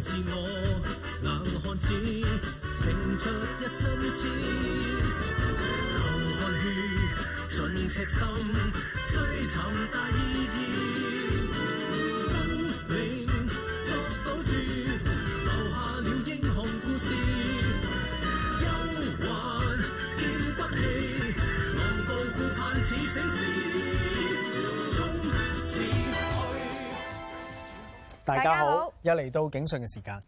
自我硬漢子，拼出一身痴，流汗血，盡赤心，追尋大意義。大家好，又嚟到警訊嘅時間。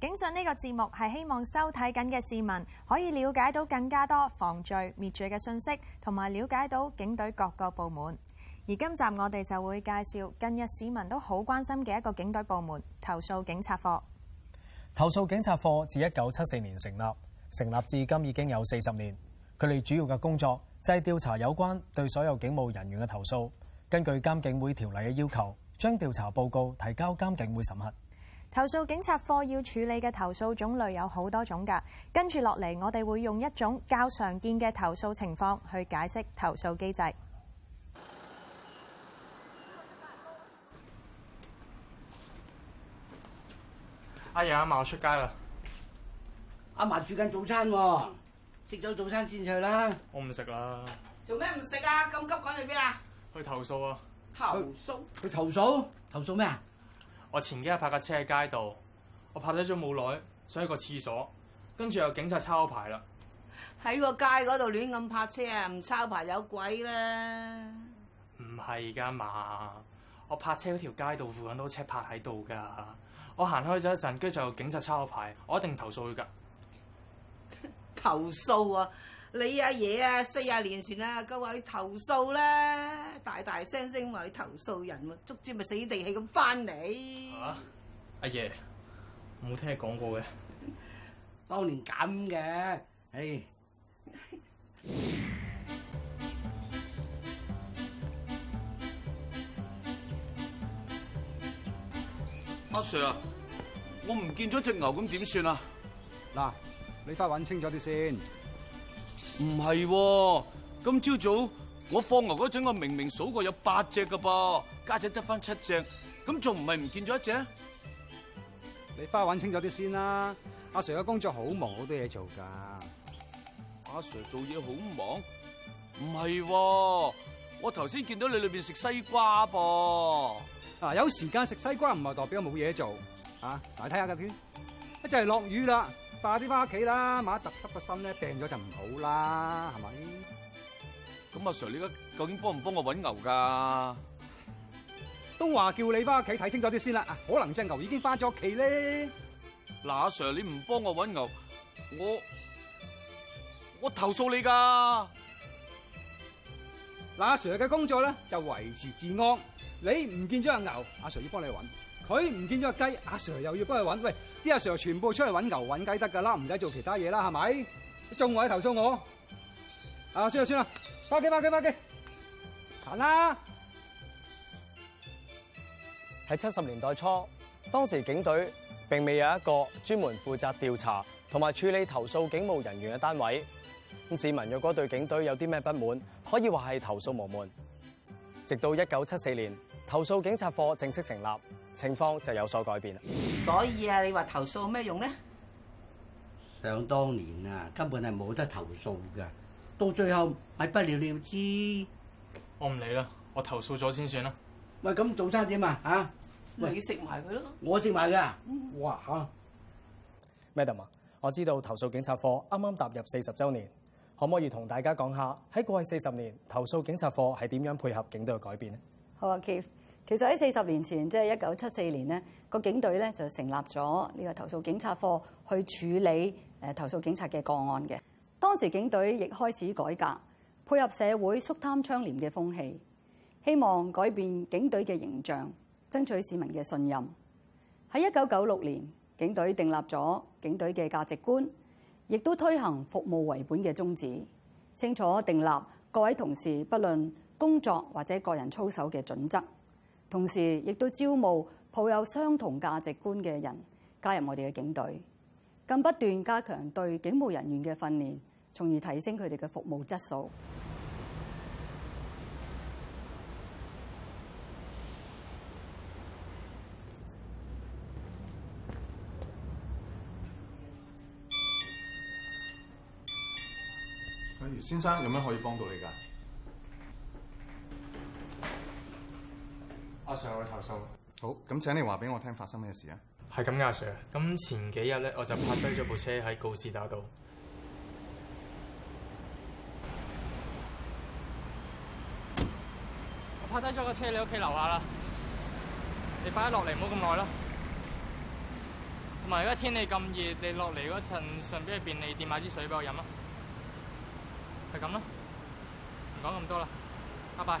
警訊呢個節目係希望收睇緊嘅市民可以了解到更加多防罪滅罪嘅信息，同埋了解到警隊各個部門。而今集我哋就會介紹近日市民都好關心嘅一個警隊部門——投訴警察課。投訴警察課自一九七四年成立，成立至今已經有四十年。佢哋主要嘅工作就係調查有關對所有警務人員嘅投訴，根據監警會條例嘅要求，將調查報告提交監警會審核。投訴警察課要處理嘅投訴種類有好多種㗎，跟住落嚟，我哋會用一種較常見嘅投訴情況去解釋投訴機制。哎、阿爺阿嫲，我出街啦。阿嫲煮緊早餐，食、嗯、咗早餐先去啦。我唔食啦。做咩唔食啊？咁急趕去邊啊？去投訴啊！投訴？去投訴？投訴咩啊？我前幾日拍架車喺街度，我拍咗咗冇耐，想去個廁所，跟住，有警察抄牌啦。喺個街嗰度亂咁拍車啊，唔抄牌有鬼啦！唔係噶嘛，我拍車嗰條街度附近都車拍喺度噶，我行開咗一陣，跟住就有警察抄牌，我一定投訴佢噶。 投訴啊！你阿、啊、爺啊，四廿年前啊，佢話去投訴啦，大大聲聲話去投訴人喎，卒之咪死定氣地氣咁翻嚟。嚇、啊！阿、啊、爺，冇聽你講過嘅。當年咁嘅，唉。阿、啊、Sir 啊，我唔見咗隻牛，咁點算啊？嗱，你翻搵清楚啲先。唔係、啊，今朝早我放牛嗰陣，我明明數過有八隻、啊、隻噶噃，家姐得翻七隻，咁仲唔係唔見咗一隻？你翻去搵清楚啲先啦，阿 Sir 嘅工作好忙，好多嘢做噶。阿 Sir 做嘢好忙？唔係、啊，我頭先見到你裏邊食西瓜噃、啊。啊，有時間食西瓜唔係代表冇嘢做啊？嚟睇、啊就是、下嘅先，一陣落雨啦。快啲翻屋企啦！馬特濕個心咧，病咗就唔好啦，係咪？咁阿 Sir，你而家究竟幫唔幫我搵牛噶？都話叫你翻屋企睇清楚啲先啦，可能隻牛已經翻咗屋企咧。嗱，阿 Sir，你唔幫我搵牛，我我投訴你噶。嗱，阿 Sir 嘅工作咧就維持治安，你唔見咗阿牛，阿 Sir 要幫你搵。佢、哎、唔見咗個雞，阿 Sir 又要幫佢揾。喂，啲阿 Sir 全部出去揾牛揾雞得㗎啦，唔使做其他嘢啦，係咪？眾位投訴我啊，算啦算啦，快機快機快機，行啦。喺七十年代初，當時警隊並未有一個專門負責調查同埋處理投訴警務人員嘅單位。咁市民若果對警隊有啲咩不滿，可以話係投訴無門。直到一九七四年，投訴警察課正式成立。情況就有所改變啦。所以啊，你話投訴有咩用咧？想當年啊，根本係冇得投訴㗎。到最後係不了了之。我唔理啦，我投訴咗先算啦。喂，咁早餐點啊？嚇！你食埋佢咯。我食埋㗎。哇嚇！Madam 啊，Madam，我知道投訴警察課啱啱踏入四十周年，可唔可以同大家講下喺過去四十年，投訴警察課係點樣配合警隊嘅改變呢？好啊，Kev。Okay. 其實喺四十年前，即係一九七四年咧，呢個警隊咧就成立咗呢個投訴警察課去處理誒投訴警察嘅個案嘅。當時警隊亦開始改革，配合社會肅貪倡廉嘅風氣，希望改變警隊嘅形象，爭取市民嘅信任。喺一九九六年，警隊訂立咗警隊嘅價值觀，亦都推行服務為本嘅宗旨，清楚訂立各位同事不論工作或者個人操守嘅準則。同時，亦都招募抱有相同價值觀嘅人加入我哋嘅警隊，更不斷加強對警務人員嘅訓練，從而提升佢哋嘅服務質素。阿馮先生，有咩可以幫到你㗎？Sir, 我嚟投訴。好，咁請你話俾我聽發生咩事啊？係咁嘅，阿 Sir。咁前幾日咧，我就拍低咗部車喺告士打道，嗯、我拍低咗個車你屋企樓下啦。你快啲落嚟，唔好咁耐啦。同埋而家天氣咁熱，你落嚟嗰陣順便去便利店買支水俾我飲啊。係咁啦，唔講咁多啦，拜拜。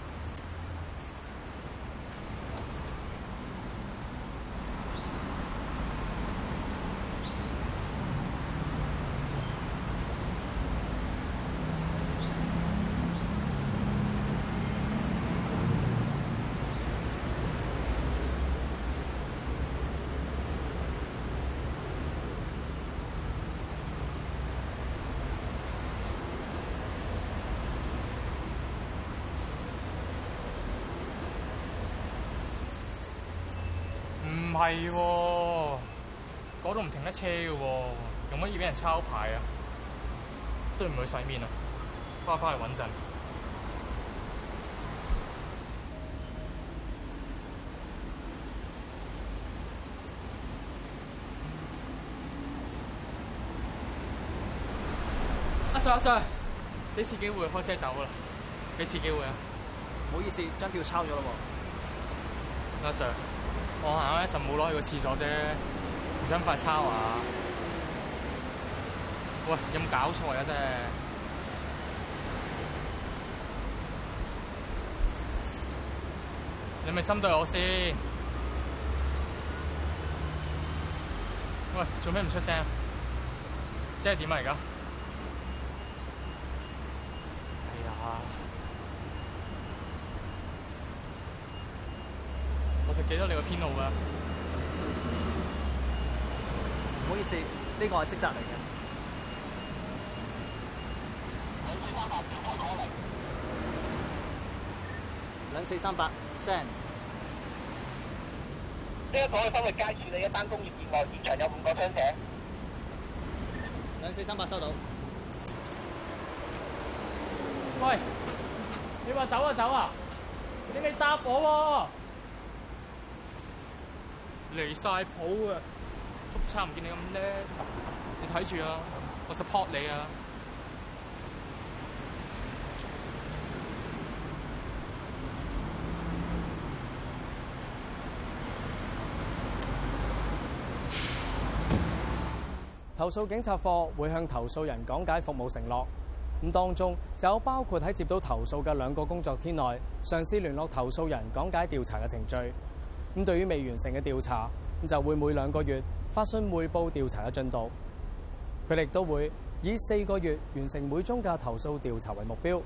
係喎，嗰度唔停得車噶，用乜以俾人抄牌啊？都唔會洗面啦，翻返嚟穩陣。阿 Sir，阿 Sir，俾次機會開車走啦。俾次機會啊！唔好意思，張票抄咗啦，阿 Sir。我行啱一陣冇攞去個廁所啫，唔想發抄啊！喂，有冇搞錯啊，真係，你咪針對我先！喂，做咩唔出聲？即係點啊？而家、啊？記得你個編號㗎。唔好意思，呢、呢個係職責嚟嘅。兩四三八，send。呢一講係返去街市你一單工業意外現場有五個 p a n。兩四三八收到。喂，你話走啊走啊，你未搭我喎，啊。離晒譜啊！速差唔見你咁叻，你睇住啊！我 support 你啊！投訴警察課會向投訴人講解服務承諾，咁當中就有包括喺接到投訴嘅兩個工作天內，嘗試聯絡投訴人，講解調查嘅程序。咁對於未完成嘅調查，咁就會每兩個月發信匯報調查嘅進度。佢哋都會以四個月完成每宗嘅投訴調查為目標。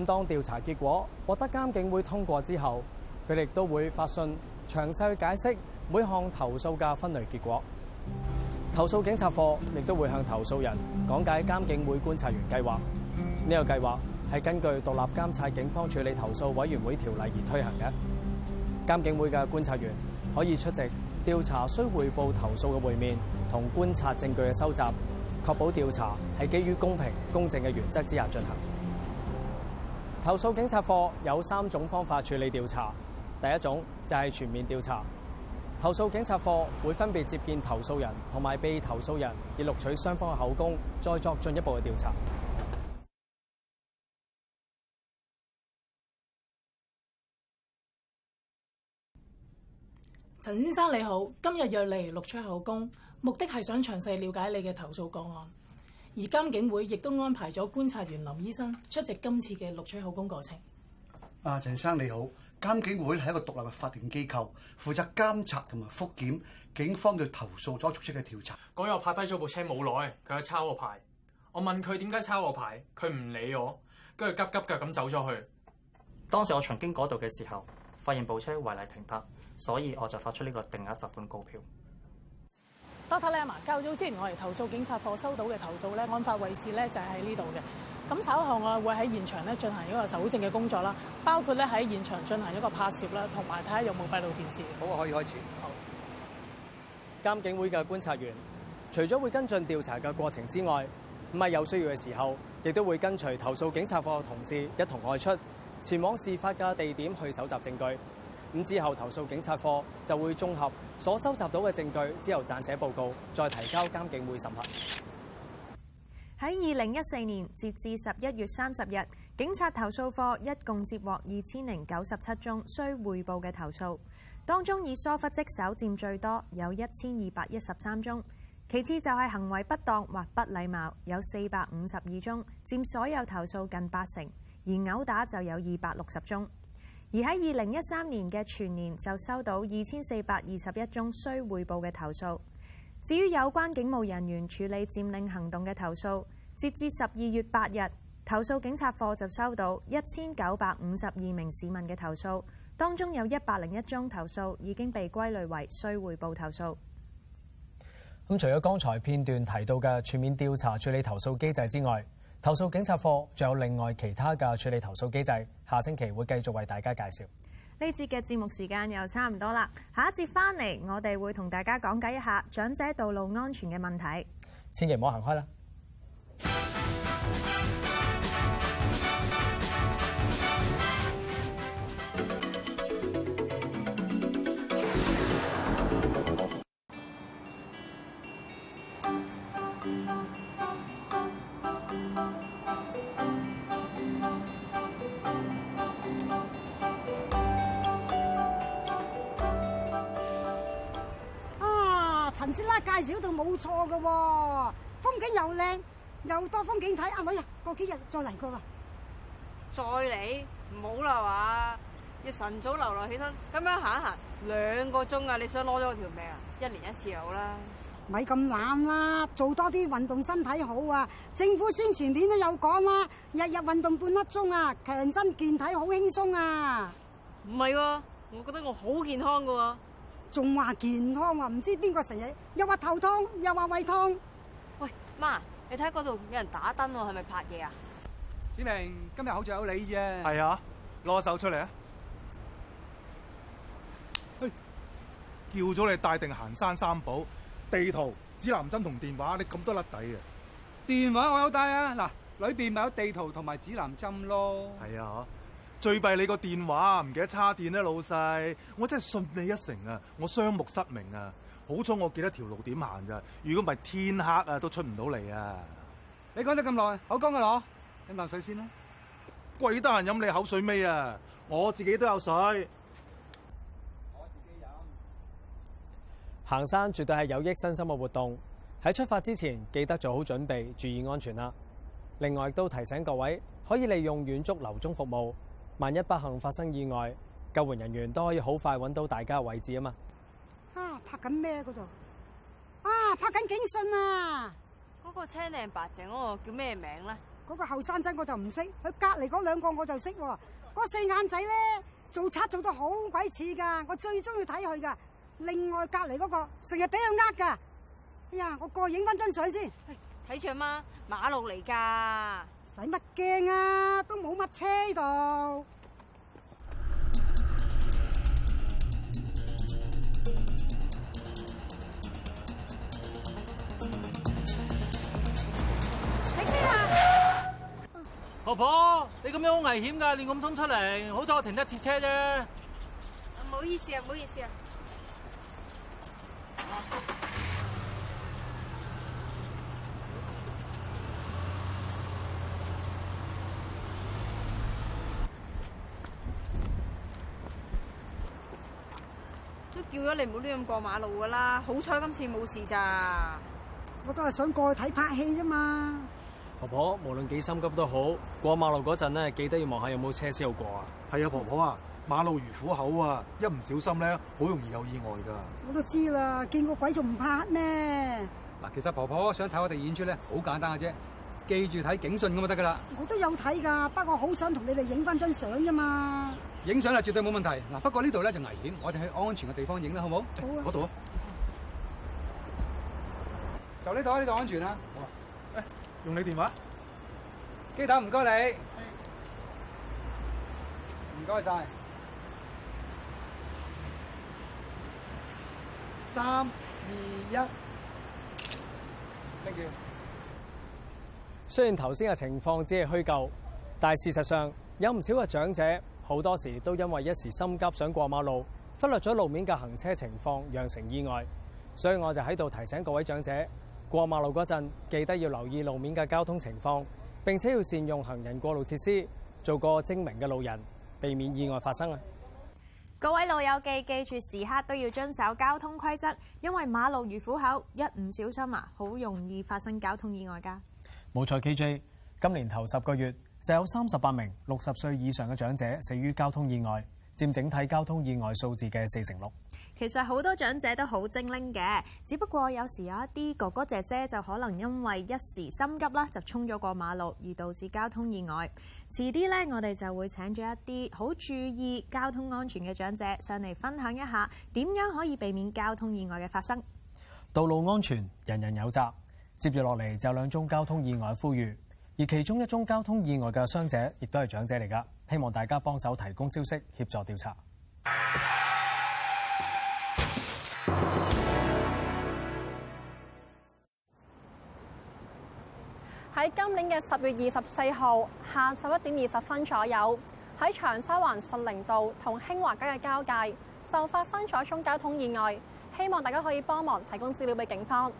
咁當調查結果獲得監警會通過之後，佢哋都會發信詳細解釋每項投訴嘅分類結果。投訴警察課亦都會向投訴人講解監警會觀察員計劃。呢個計劃係根據獨立監察警方處理投訴委員會條例而推行嘅。監警會嘅觀察員可以出席調查需匯報投訴嘅會面，同觀察證據嘅收集，確保調查係基於公平公正嘅原則之下進行。投訴警察課有三種方法處理調查。第一種就係全面調查，投訴警察課會分別接見投訴人同埋被投訴人，以錄取雙方嘅口供，再作進一步嘅調查。陳先生你好，今日約你嚟錄取口供，目的係想詳細了解你嘅投訴個案，而監警會亦都安排咗觀察員林醫生出席今次嘅錄取口供過程。啊，陳生你好，監警會係一個獨立嘅法定機構，負責監察同埋覆檢警方對投訴所作出嘅調查。嗰日我泊低咗部車冇耐，佢係抄我牌，我問佢點解抄我牌，佢唔理我，跟住急急腳咁走咗去。當時我曾經嗰度嘅時候，發現部車違例停泊。所以我就發出呢個定額罰款告票。Doctor Lim 啊，較早之前我哋投訴警察課收到嘅投訴咧，案發位置咧就喺呢度嘅。咁稍後我會喺現場咧進行一個搜證嘅工作啦，包括咧喺現場進行一個拍攝啦，同埋睇下有冇閉路電視。好，我可以開始。好。監警會嘅觀察員，除咗會跟進調查嘅過程之外，咁喺有需要嘅時候，亦都會跟隨投訴警察課嘅同事一同外出，前往事發嘅地點去搜集證據。咁之後，投訴警察課就會綜合所收集到嘅證據，之後撰寫報告，再提交監警會審核。喺二零一四年截至十一月三十日，警察投訴課一共接獲二千零九十七宗須匯報嘅投訴，當中以疏忽職守佔最多，有一千二百一十三宗；其次就係行為不當或不禮貌，有四百五十二宗，佔所有投訴近八成，而毆打就有二百六十宗。而喺二零一三年嘅全年就收到二千四百二十一宗需匯報嘅投訴。至於有關警務人員處理佔領行動嘅投訴，截至十二月八日，投訴警察課就收到一千九百五十二名市民嘅投訴，當中有一百零一宗投訴已經被歸類為需匯報投訴。咁除咗剛才片段提到嘅全面調查處理投訴機制之外，投訴警察課，仲有另外其他嘅處理投訴機制。下星期會繼續為大家介紹。呢節嘅節目時間又差唔多啦。下一節翻嚟，我哋會同大家講解一下長者道路安全嘅問題。千祈唔好行開啦！太少到冇錯噶，風景又靚又多風景睇。阿女啊，過幾日再嚟過啦，再嚟唔好啦，話。要晨早流流起身，咁樣行一行兩個鐘啊，你想攞咗我條命啊？一年一次好啦，咪咁懶啦，做多啲運動，身體好啊。政府宣傳片都有講啦，日日運動半粒鐘啊，強身健體好輕鬆啊。唔係，我覺得我好健康噶。仲話健康啊？唔知邊個成日又話頭痛又話胃痛。喂，媽，你睇嗰度有人打燈喎，係咪拍嘢啊？小明，今日好似有你啫。係啊，攞手出嚟啊，哎！叫咗你帶定行山三寶：地圖、指南針同電話。你咁多甩底啊？電話我有帶啊，嗱，裏邊咪有地圖同埋指南針咯。係啊。最弊你個電話唔記得叉電咧，老細，我真係信你一成啊！我雙目失明啊，好彩我記得條路點行咋。如果唔係天黑啊，都出唔到嚟啊！你講得咁耐，口乾個羅飲啖水先啦。鬼得閒飲你口水尾啊！我自己都有水，我自己飲。行山絕對係有益身心嘅活動。喺出發之前，記得做好準備，注意安全啦。另外，亦都提醒各位可以利用遠足留蹤服務。萬一不幸發生意外，救援人員都可以好快揾到大家嘅位置啊嘛！啊，拍緊咩嗰度？啊，拍緊警訊啊！嗰、那個青靚白淨嗰、那個叫咩名咧？嗰、那個後生仔我就唔識，佢隔籬嗰兩個我就識喎。嗰、那個、四眼仔咧做賊做得好鬼似噶，我最中意睇佢噶。另外隔籬嗰個成日俾佢呃噶。哎呀，我過去影翻張相先，睇住阿媽馬路嚟噶。使乜驚啊？都冇乜車度。你咩啊？婆婆，你咁樣很危險的好危險噶！你咁衝出嚟，好彩我停得切車啫。唔好意思啊，唔好意思啊。叫咗你唔好亂咁過馬路噶啦，好彩今次冇事咋。我都係想過去睇拍戲啫嘛。婆婆，無論幾心急都好，過馬路嗰陣咧，記得要望下有冇車先好過啊。係、嗯、啊，婆婆啊，馬路如虎口啊，一唔小心咧，好容易有意外噶。我都知啦，見個鬼仲唔怕黑咩？嗱，其實婆婆想睇我哋演出咧，好簡單嘅啫，記住睇警訊咁就得噶啦。我都有睇噶，不過好想同你哋影翻張相啫嘛。影相啊，絕對冇問題。嗱，不過呢度咧就危險，我哋去安全嘅地方影啦，好唔好？好啊，嗰度啊，就呢度啊，呢度安全啊。好啊，誒，用你電話，機頭唔該你，唔該曬，三二一，thank you。雖然頭先嘅情況只係虛構，但係事實上有唔少嘅長者。好多時都因為一時心急想過馬路，忽略咗路面嘅行車情況，釀成意外。所以我就喺度提醒各位長者，過馬路嗰陣記得要留意路面嘅交通情況，並且要善用行人過路設施，做個精明嘅路人，避免意外發生啊！各位老友記，記住時刻都要遵守交通規則，因為馬路如虎口，一唔小心啊，好容易發生交通意外㗎。冇錯，KJ，今年頭十個月。就有三十八名六十歲以上嘅長者死於交通意外，佔整體交通意外數字嘅四成六。其實好多長者都好精靈嘅，只不過有時有一啲哥哥姐姐就可能因為一時心急啦，就衝咗過馬路，而導致交通意外。遲啲呢，我哋就會請咗一啲好注意交通安全嘅長者上嚟分享一下點樣可以避免交通意外嘅發生。道路安全，人人有責。接住落嚟就兩宗交通意外，呼籲。而其中一宗交通意外嘅傷者，亦都係長者嚟㗎，希望大家幫手提供消息，協助調查。喺今年嘅十月二十四號下晝一點二十分左右，喺長沙灣順寧道同興華街嘅交界，就發生咗一宗交通意外，希望大家可以幫忙提供資料俾警方。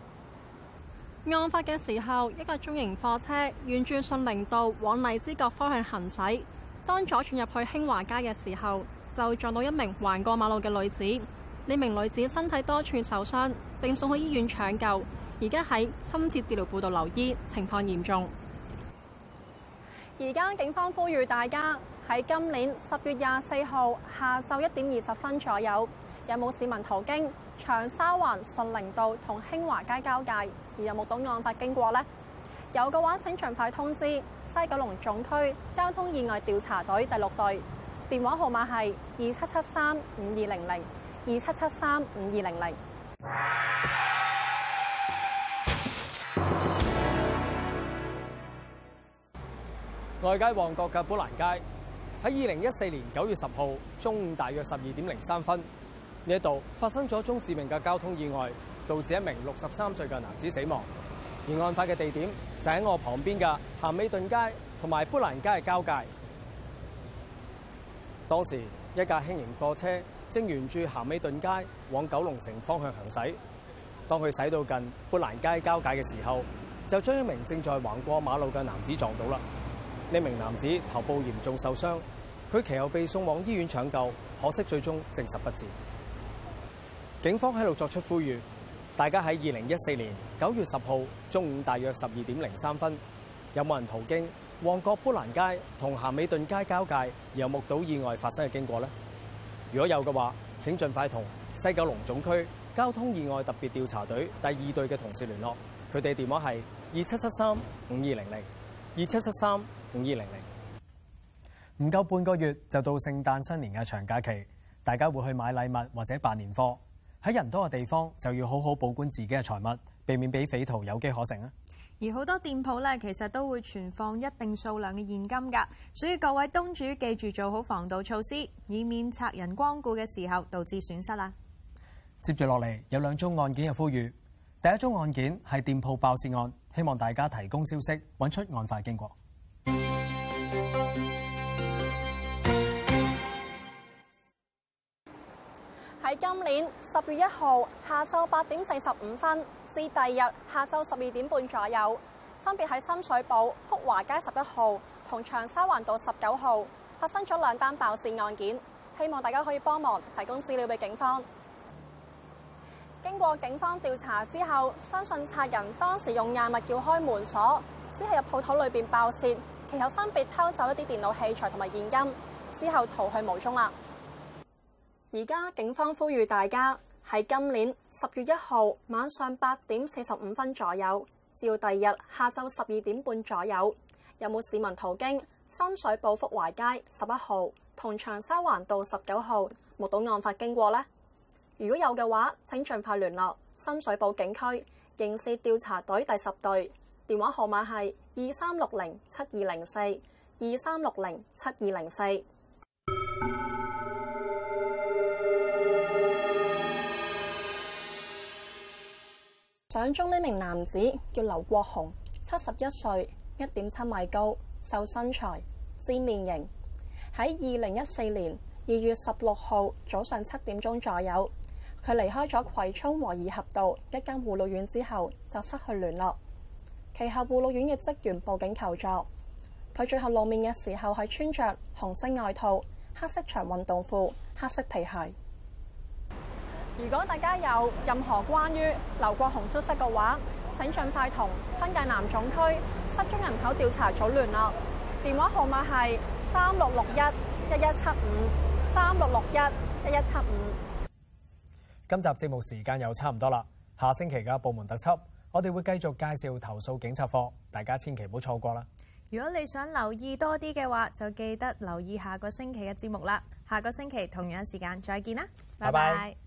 案發嘅時候，一架中型貨車沿住順寧道往荔枝角方向行駛，當左轉入去興華街嘅時候，就撞到一名橫過馬路嘅女子。呢名女子身體多處受傷，並送去醫院搶救，而家喺深切治療部度留醫，情況嚴重。而家警方呼籲大家喺今年十月廿四號下晝一點二十分左右，有冇市民途經，長沙灣順寧道同興華街交界，而有目睹案發經過呢？有嘅話，請盡快通知西九龍總區交通意外調查隊第六隊，電話號碼係二七七三五二零零二七七三五二零零。外街旺角嘅寶蘭街，喺二零一四年九月十號中午大約十二點零三分。呢一度發生咗宗致命嘅交通意外，導致一名六十三歲嘅男子死亡。而案發嘅地點就喺我旁邊嘅咸美頓街同埋砵蘭街嘅交界。當時一架輕型貨車正沿住咸美頓街往九龍城方向行駛，當佢駛到近砵蘭街交界嘅時候，就將一名正在橫過馬路嘅男子撞到啦。呢名男子頭部嚴重受傷，佢其後被送往醫院搶救，可惜最終證實不治。警方喺度作出呼籲，大家喺二零一四年九月十號中午大約十二點零三分，有冇人途經旺角砵蘭街同咸美頓街交界，有目睹意外發生嘅經過咧？如果有嘅話，請盡快同西九龍總區交通意外特別調查隊第二隊嘅同事聯絡，佢哋電話係二七七三五二零零二七七三五二零零。唔夠半個月就到聖誕新年嘅長假期，大家會去買禮物或者辦年貨。喺人多嘅地方就要好好保管自己嘅財物，避免俾匪徒有機可乘啊。而好多店鋪咧，其實都會存放一定數量嘅現金噶，所以各位東主記住做好防盜措施，以免賊人光顧嘅時候導致損失啊。接住落嚟有兩宗案件嘅呼籲，第一宗案件係店鋪爆竊案，希望大家提供消息，揾出案發經過。喺今年十月一號下晝八點四十五分至第二日下晝十二點半左右，分別喺深水埗福華街十一號同長沙環道十九號發生咗兩單爆竊案件，希望大家可以幫忙提供資料俾警方。經過警方調查之後，相信賊人當時用硬物撬開門鎖，之後入鋪頭裏面爆竊，其後分別偷走一啲電腦器材同埋現金，之後逃去無蹤啦。而家警方呼籲大家喺今年十月一號晚上八點四十五分左右，至到第二日下晝十二點半左右，有冇市民途經深水埗福華街十一號同長沙環道十九號，目睹案發經過呢？如果有嘅話，請盡快聯絡深水埗警區刑事調查隊第十隊，電話號碼係二三六零七二零四二三六零七二零四。相中呢名男子叫劉國雄，七十一歲，一點七米高，瘦身材，尖面型。喺二零一四年二月十六號早上七點鐘左右，佢離開咗葵涌和宜合道一間護老院之後，就失去聯絡。其後護老院嘅職員報警求助。佢最後露面嘅時候係穿着紅色外套、黑色長運動褲、黑色皮鞋。如果大家有任何關於劉國雄宿室嘅話，請盡快同新界南總區失蹤人口調查組聯絡。電話號碼係三六六一一一七五三六六一一一七五。今集節目時間又差唔多啦，下星期嘅部門特輯，我哋會繼續介紹投訴警察課，大家千祈唔好錯過啦。如果你想留意多啲嘅話，就記得留意下個星期嘅節目啦。下個星期同樣的時間再見啦，拜拜。Bye bye